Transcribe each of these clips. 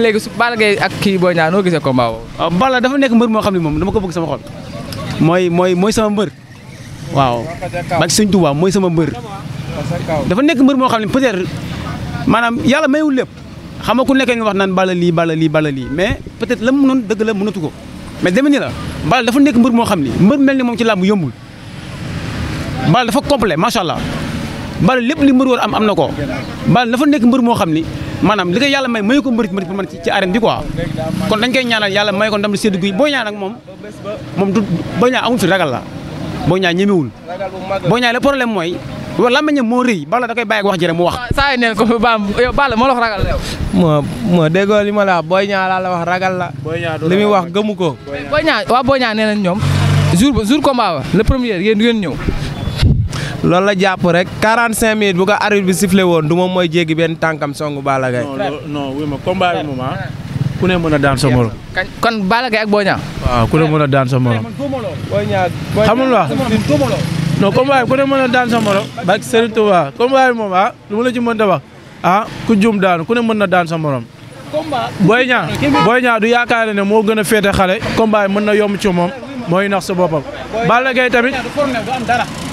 léegi su Balla Gaye ak kii Boy Niang noo gisee combat boobu. waaw ah, dafa nekk mbër moo xam ne moom dama ko bëgg sama xol mooy mooy mooy sama mbër waaw sëñ Tuubaa mooy sama mbër dafa nekk mbër moo xam ne peut-être yàlla mayul lépp xam nga ku nekk nga wax naan Balla lii Balla lii Balla lii mais peut-être la mu mënoon dëgg la mënatu ko mais deme ni la Balla dafa nekk mbër moo xam ne mbër mel ni moom ci làmb yombul Balla dafa complet macha allah Balla lépp li mbër war am am na ko Balla dafa nekk mbër moo xam ni maanaam li ko yàlla may mayu ko mbërit mbërit pour man ci arène bi quoi kon dañ koy ñaanal yàlla may ko ndam lu sedd guy boo ñaan ak moom moom du boo ñaan ragal la boo ñaan ñemewul boo ñaan le problème mooy wa làmmiñam moo rëy bala da koy bàyyi wax jërë mu wax saa yi ko baam yow bala moo la ragal la yow moo moo déggoo li ma la wax booy ñaa laa la wax ragal la li muy wax gëmu ko booy ñaa waaw booy nee nañ ñoom jour jour combat ba le premier yéen du ngeen ñëw loolu la jàpp rek 45 minutes bu ko arbitre bi sifflé woon du moom mooy jéggi benn tànkam songu Balla Gaye. moom ah, ku ne mën a daan sa kon Balla ak Boy Niang. mën a daan sa morom. Boy Niang xamul wax mën a daan sa morom. barke Serigne Touba moom ah lu mën a wax ah ku juum daanu ku ne mën na daan sa morom. Boy Niang du yaakaar ne moo gën a féete xale. combat mën na yomb ci moom. mooy nax sa boppam. Balla Gaye tamit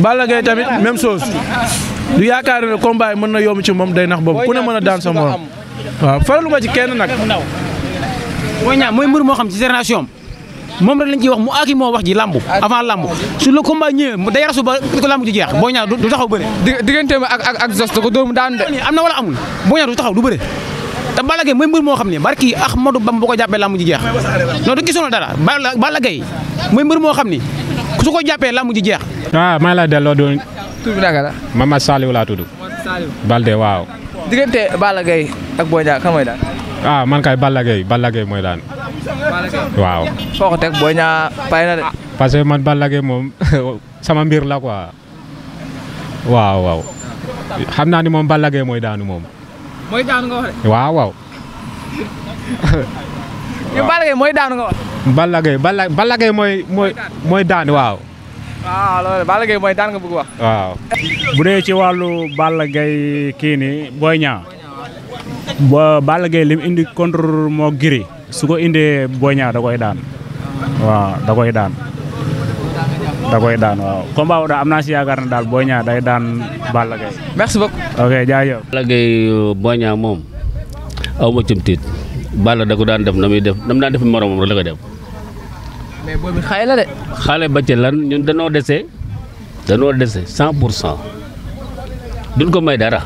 Balla Gaye tamit même chose du yaakaar ne combat mën na yomb ci moom day nax boobu ku ne mën a daan sa morom waaw faralu ma ci kenn nag. Boy Niang mooy mbër moo xam ci génération moom rek lañ ciy wax mu aaki moo wax ji lamb avant lamb su le combat ñëwee day rasu ba ko lamb ji jeex Boy Niang du taxaw bëre. digganteem ak ak ak Zoss ko doomu daan de. am na wala amul Boy Niang du taxaw du bëre. te Balla Gaye mooy mbër moo xam ne barki Ahmadou Bamba bu ko jàppee làmb ji jeex non du gisoon dara Balla Gaye mooy mbër moo xam ne su ko jàppee la ji jeex. waaw ah, maa ngi delloo doon. tur bi naka la. Mama Saliou waaw. diggante Balla Gaye ak Boy Niang kan mooy daan. ah man kay Balla Gaye Balla Gaye mooy daan. waaw. foo ko teg Boy Niang na de. Ah, parce que man Balla Gaye moom sama mbir la ko waaw waaw xam naa ni moom Balla Gaye mooy daanu moom. mooy daanu waaw waaw. yow Balla Gaye mooy daanu nga wax. mooy mooy mooy daan waaw. waaw loolu Balla Gaye mooy daan nga bëgg wax. waaw. bu dee ci wàllu Balla Gaye kii nii Boy Niang. ba Balla Gaye lim indi contre moo giri su ko indee Boy Niang da daan. waaw da daan. da koy daan waaw combat boobu daal am naa si yaakaar ne daal Boy day daan Balla Gaye. merci beaucoup. ok jaajëf. Balla euh, moom aw ma cim tiit Balla da ko daan def na muy def na mu daan def moromam rek la koy def. mais boobu xale la de. xale ba ci lan ñun danoo dese danoo dese cent pour cent duñ ko may dara.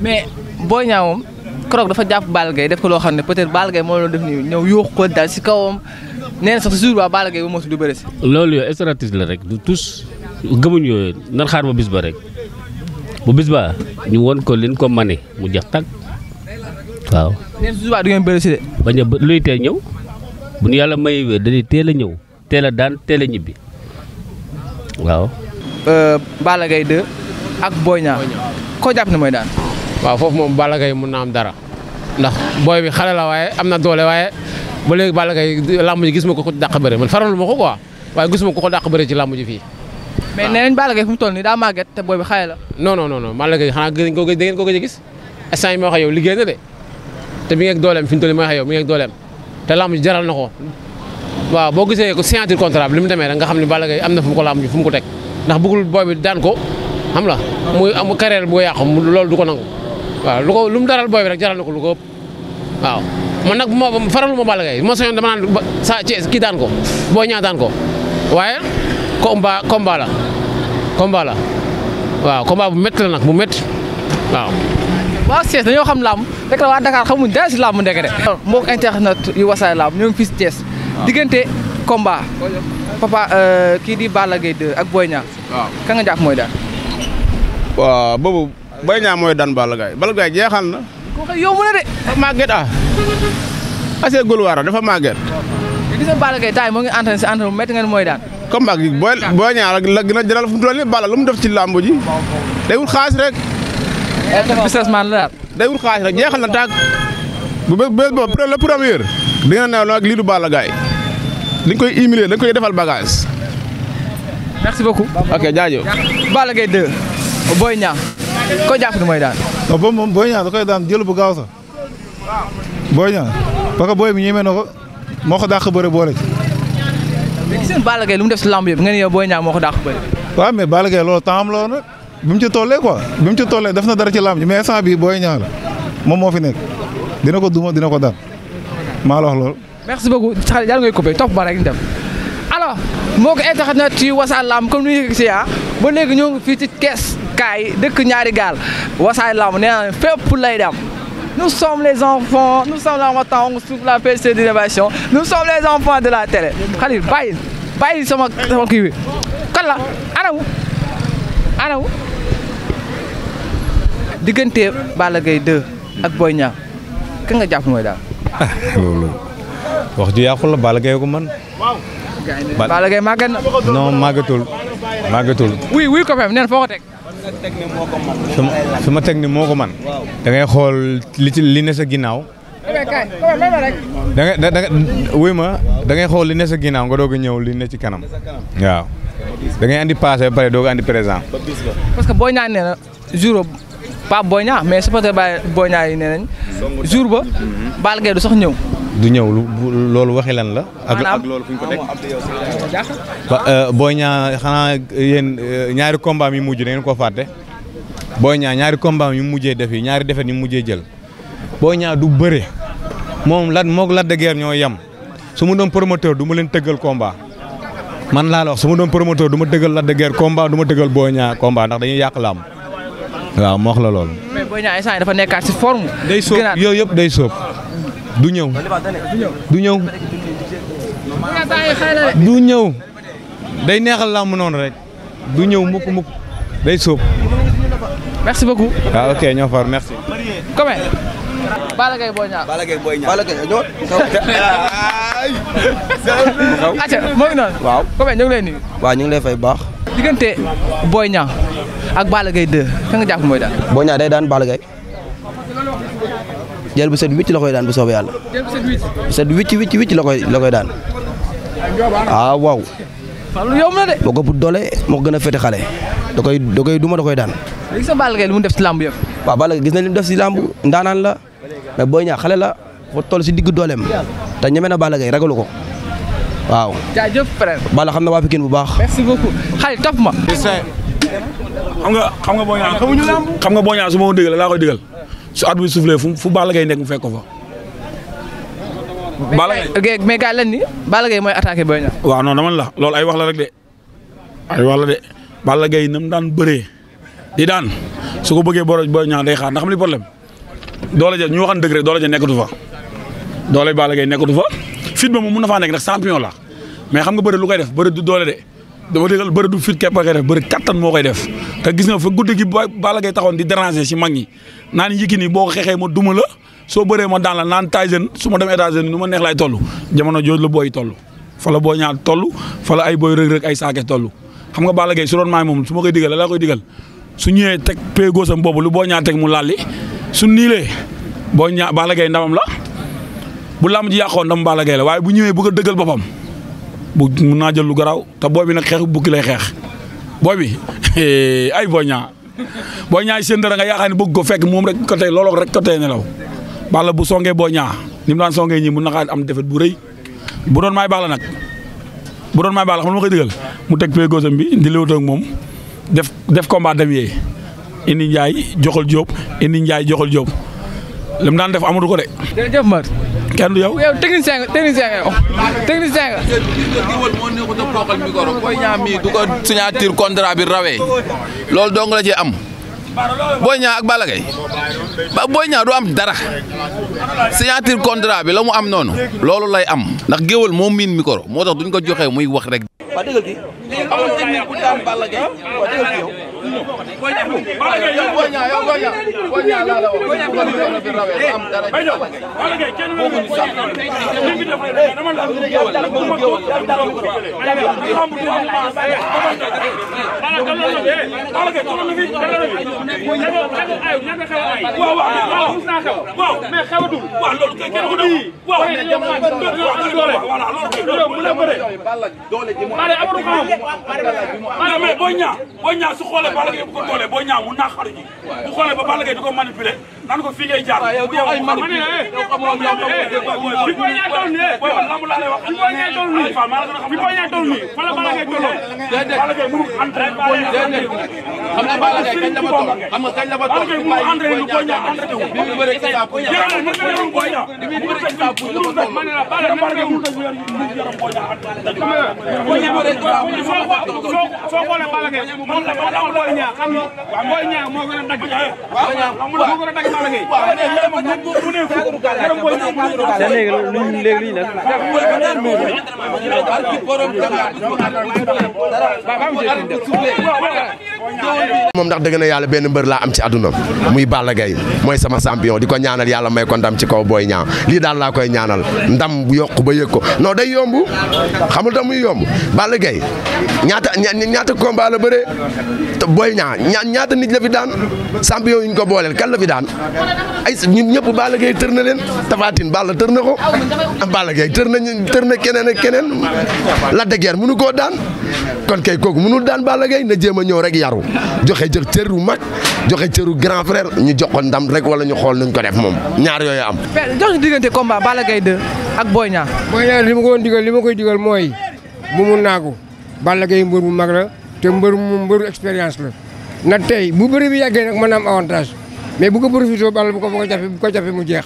mais Boy Niang moom keroog dafa jàpp Balla Gaye def ko loo xam ne peut-être Balla moo doon def nii ñëw yuux ko dal si kawam. nee na sax si jour ba Balla Gaye ba mosul du bëri si. loolu yooyu stratégie la rek du tous gëmuñu yooyu nan xaar ba bis ba rek bu bis ba ñu won ko liñ ko mane mu jeex tàgg waaw. nee na si ba a luy tee ñëw bu ñu yàlla may wér dañuy teel a ñëw teel a daan teel a ñibbi waaw. Euh, Balla Gaye 2 ak Boy Niang koo jàpp ne mooy daan. waaw foofu moom Balla Gaye mun na am dara ndax booy bi xale la waaye am na doole waaye. ba léegi Balla Gaye gis ma ko ko dàq bëre man faral ma ko quoi waaye gisuma ko ko dàq bëre ci làmb ji fii. mais nee nañ Balla Gaye fu mu toll nii daa te booy bi xaye la. non non non Balla Gaye xanaa gën ko gë dangeen ko gëj gis instant yi liggéey na de te mi ngi dooleem fi mu toll mi ngi dooleem te làmb jaral na ko waaw boo gisee ko signature contrat bi li mu demee rek nga xam ne Balla Gaye am na fu mu ko làmb ji fu mu ko teg ndax bëggul booy daan ko xam la muy am carrière bu yàqu loolu du ko nangu waaw lu ko lu mu daral booy bi rek jaral ko lu ko ëpp man nag moo faral ma Balla Gaye ma soñoon dama naan sa Thiès kii daan ko Boy Niang daan ko waaye combat combat la combat la waaw combat bu métti la nag bu métti waaw. waa Thiès dañoo xam làmb rek la waa Dakar xamuñ dara si làmb ndeke de. mbokk internet yu wasaay làmb ñoo ngi fii si Thiès diggante combat papa euh, kii di Balla Gaye ak Boy Niang. waaw ka nga jàpp mooy daan. waaw boobu Boy daan Balla Gaye jeexal na. koo xam yomb na de. dafa màgget ah. assez gulwaara dafa màgget. gis nga Balla taay moo ngi entraîné si entraîné bu métti ngeen mooy daan. combat bi boo boo ñaar la gën a jaral fu mu toll nii lu mu def ci làmb ji. day wut xaalis rek. businessman la daal. day wut xaalis rek jeexal na tàgg. bu bés bés boobu le premier di nga ne ak lii du Balla Gaye dañ koy humilier dañ koy defal bagaas merci beaucoup. ok jaajëf. Balla Gaye ko jàpp ni mooy daan. waaw oh, boobu moom booy ñaa da koy daan jël bu gaaw sax booy ñaa parce que booy bi ñemee na ko moo ko dàq bëre boole ci. mais gis ngeen Balla Gaye lu mu def si lamb nga ne yow booy ñaa moo ko dàq bëre. waaw mais Balla Gaye loolu temps am la woon rek bi mu ci tollee quoi bi mu ci tollee def na dara ci lamb ji mais instant bii booy ñaa la moom moo fi nekk dina ko duma dina ko daan maa la wax loolu. merci beaucoup xale yàlla ngay coupé topp ba rek ñu dem alors mbokk internet ci Wassare Lamb comme ni ñu ko gisee ah ba léegi ñoo ngi fii ci kees kaay dëkk ñaari gaal wasaay lamb nee naa fépp lay dem nous sommes les enfants nous sommes la matangue sous la pc d'innovation nous sommes les enfants de la télé Khalil bàyyi bàyyi sama sama kii ak Boy Niang ka nga jàpp mooy daal. wax ju yàqu la Balla Gaye man Balla Gaye màggat na. non màggatul màggatul. wuy wuy ko fem neen foo ko teg. su ma teg ni moo ko man da ngay xool li ci li ne sa ginnaaw. Eh da ngay da wuy ma da ngay xool li ne sa ginnaaw nga doog a ñëw li ne ci kanam waaw. da ngay andi passé ba pare doog a andi présent. parce que boo ñaan nee na jour ba Pape Boy mais supporter Boy Niang yi nee nañ jour ba Balla Gaye du sax ñëw. du ñëw loolu waxi lan la. ak ak loolu fu euh, xanaa yéen euh, ñaari combat yi mujj da ngeen ko fàtte. booy ñaari combat mi mujjee def yi ñaari defet yi mujjee jël. booy ñaa du bëre. moom lan moog Lac de ñoo yam su ma doon promoteur duma leen tëggal combat. man laa la su ma doon promoteur du ma tëggal Lac de Guiers du ma tëggal booy ñaa combat ndax dañuy yàq laam. waaw moox la loolu. mais booy dafa nekkaat si forme. day soob yëpp day soob. du ñëw du ñëw du ñëw day neexal làmb noonu rek du ñëw mukk mukk day sóob. merci beaucoup. waaw ah, ok ñoo far merci. comment. Balla Gaye Boy acca mooy waaw comment ñu ngi lay nuyu. waaw ñu ngi lay fay baax. diggante Boy Niang ak Balla Gaye 2 ka nga jàpp mooy daal. Boy Niang daan Balla Gaye jël bu set wicc la koy daan bu soobee yàlla. set wicc wicc wicc la koy la koy daan. ah waaw. Fallou yomb na de. boo ko moo gën a fete xale. da koy da koy duma koy daan. léegi mu def làmb yëpp. gis na li mu def ci làmb ndaanaan la mais Boy Niang xale la fa tol si digg dooleem te ñeme na Balla Gaye ragalu ko. waaw jaajëf xam na waa Pikine bu baax. merci xale topp ma. xam nga xam nga Boy Niang xam nga Boy Niang su laa koy déggal. su at bi soufflé fu fu Balla Gaye nekk mu fekk ko fa. Balla Gaye mais kaay leen ni Balla Gaye mooy attaqué Boy Niang. waaw non dama la lool ay wax la rek de ay wax la de Balla Gaye nam daan bëree di daan su ko bëggee borom booy Niang day xaar ndax xam li problème doole ja ñu waxan dëgg rek doole ja nekkatu fa doole Balla Gaye nekkatu fa fit ba moom mun na faa nekk ndax champion la mais xam nga bëri lu koy def bëri du doole de. dama déggal bëri du fit képp a koy def bëri kattan moo koy def te gis nga fa guddi gi Balla Gaye taxoon di déranger si mag ñi naan Yékini boo ko xeexee ma duma la soo bëree ma daan la naan Tyson su ma dem États-Unis nu ma neex laay toll jamono jooju la booy toll fa boo ñaar toll fala ay booy rëg-rëg ay saakes toll xam nga Balla Gaye su doon maay moom su ma koy digal la laa koy digal su ñëwee teg pee góosam boobu lu boo ñaar teg mu laalli su niilee boo ñaa Balla Gaye ndamam la bu làmb ji yàqoon ndam Balla Gaye waaye bu ñëwee bëgg a dëggal boppam bu mun naa jël lu garaaw te booy bi nag xeex bukki lay xeex booy bi ay booy ñaa booy ñaa seen dara nga yaakaar ko fekk moom rek ko tey looloo rek ko tey nelaw Balla bu songee booy ñaa ni mu daan songee ñi mun na am defet bu rëy bu doon maay Balla nag bu doon maay Balla xam nga ma koy digal mu teg pay gosam bi di léewtoo ak moom def def combat dem yee indi Ndiaye joxal Diop indi Ndiaye joxal Diop. li mu daan def amatu ko de. jërëjëf Mar. kenn du yow. yow technicien nga technicien nga yow. technicien nga. booy ñaa mii du ko signature contrat bi rawee loolu dong la ci am booy ñaa ak Balla Gaye ba booy ñaa du am dara signature contrat bi la mu am noonu loolu lay am ndax géwal moo miin micro moo tax duñ ko joxee muy wax rek. waa dëgg ki amul technique bu daan Balla Gaye waa dëgg ki yow. Boy Niang Boy Niang yow Boy Niang Boy Niang laa la wax Boy Niang bi rawee am dara ñu xamal bokkuñ sax doole ji mu am doole ji mu am Boy Niang Boy Niang su xoolee Balla Gaye boolee boo ñaaw mu naax xaru ji bu xoolee ba Balla Gaye di ko manipuler nan ko fii ngay jaar waaw yow ay man yow xamoo yow xamoo bi booy ñaa toll nii booy lamb laa lay wax bi booy ñaa toll nii bi booy ñaa toll nii wala bala ngay toll déedéet bala ngay mënu entré déedéet xam nga bala ngay kañ la ba toll xam nga kañ la ba toll bala ngay mënu entré lu booy ñaa entré wu bi mu bëre ci sa booy ñaa jëral mën nga yow booy ñaa bi mu bëre ci sa booy ñaa man la bala nan nga mënu tagu yaram booy ñaa booy ñaa bëre ci sa booy ñaa soo xoolee bala ngay man la bala booy ñaa xam nga booy ñaa moo gën a dagg waaw moo gën a dagg Balla Gaye bu ne fukk yaram booy ñëw bu ne léegi luñ léegi luñ nag barki borom dara ba am jëriñ def moom ndax dëgg na yàlla benn mbër laa am ci àdduna muy Balla Gaye mooy sama champion di ko ñaanal yàlla may ko ndam ci kaw booy ñaa lii daal laa koy ñaanal ndam bu yokk ba yëg ko noo day yomb xamul tax muy yomb Balla Gaye ñaata ñaata combat la bëree te booy ñaa ñaata nit la fi daan champion yi ñu ko booleel kan la fi daan ay ñun ñëpp Balla Gaye tër na leen Tafatine Balla tër na ko Balla Gaye tër na tër na keneen ak keneen Lac de mënu koo daan kon kay kooku mënul daan Balla Gaye na jéem a ñëw rek yaru yaru joxe jël cër bu mag joxe cëru grand frère ñu jox ko rek wala ñu xool nuñ ko def moom ñaar yooyu am. jox ñu diggante combat Balla Gaye 2 ak Boy Niang. Boy li ko digal li ma koy digal mooy bu mu naagu Balla Gaye mbër bu mag la te mbër mu mbëru expérience la na tey bu bëri bi yàggee nag mën na am avantage mais bu a profité Balla bu ko bu ko jafe mu jeex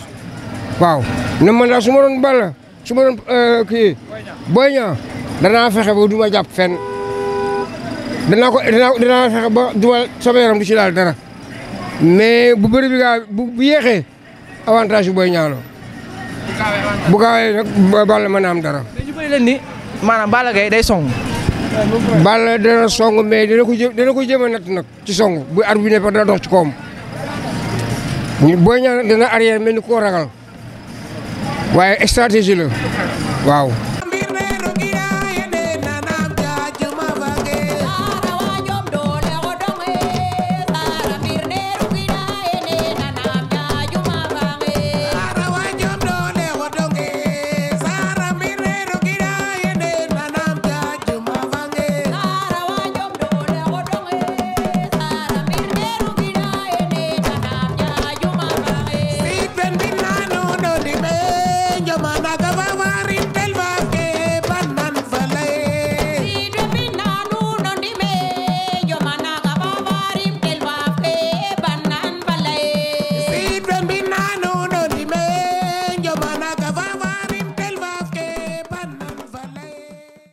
waaw na man daal su ma doon Balla su ma doon euh, kii Boy Niang danaa fexe ba du ma jàpp fenn. danaa ko dinaa dinaa fexe ba duwal sama du ci daal dara mais bu bëri bi bu yéexee avantage bi booy ñaaloo bu gaawee nag Balla mën na am dara. dañu bëri leen ni maanaam Balla Gaye day song. Balla dana song mais dina ko jë ko jëm nat nag ci song bu ar bi ne fa dana dox ci koom booy ñaan dana arrière mel ni koo ragal waaye stratégie la waaw.